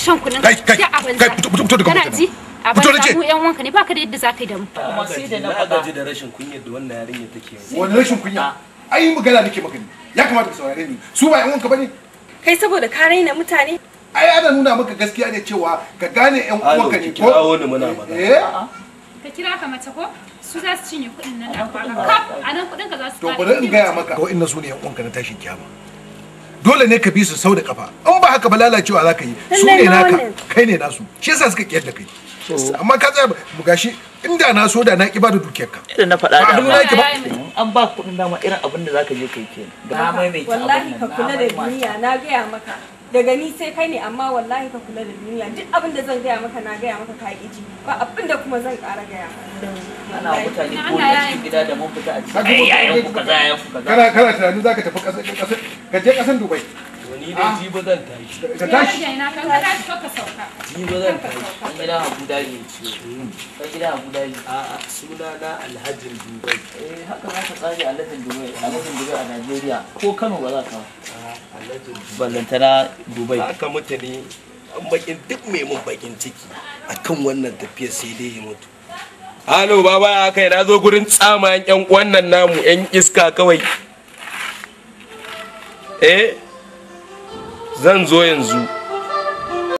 shan kunin kai kai kai fito daga kana ji a ban samu yan wanka ne baka da yadda zaka yi da mu amma sai da na faɗa ji da rashin kunya da wannan yarinya take wannan rashin kunya ai magana nake maka ne ya kamata ka saurare ni su ba yan wanka bane kai saboda ka raina mutane ai ana nuna maka gaskiya ne cewa ka gane yan uwanka ne ko kira wani muna magana eh? ka kira ka mace ko su za su cinye kuɗin nan da kaf a nan kuɗin ka za su to bari in gaya maka ko in na su ne yan uwanka na tashin kiyama dole ne ka bi su sau da kafa in haka ba lalacewa za ka yi su ne naka kai ne nasu shi yasa suka kiyar da kai amma ka tsaya mu gashi inda na so da na ki ba da dukiyar ka idan na faɗa da ba ki ba an ba kuɗin dama irin abin da za ka je kai ke da mai mai wallahi ka kula da duniya na gaya maka daga ni sai kai ne amma wallahi ka kula da duniya duk abin da zan gaya maka na gaya maka ka yi ji ba abin da kuma zan ƙara gaya ana mutane ko da cikin gida da mun fita a cikin yayan ku kaza yayan ku kaza kana kana tunanin zaka tafi ƙasar ka je ƙasar Dubai to ni dai ji ba zan tashi ka tashi ka tashi ka sauka ji ba zan tashi an gida Abu Dhabi ce ka gida Abu Dhabi a a suna na Alhaji Dubai eh haka za ka tsari Alhaji Dubai Alhaji Dubai a Najeriya ko Kano ba za ka Alhaji ballantana Dubai haka mutane an bakin duk mai mun bakin ciki akan wannan tafiyar sai dai ya mutu Halo baba ya kai na zo gurin tsamayen yan wannan namu yan iska kawai eh zan zo yanzu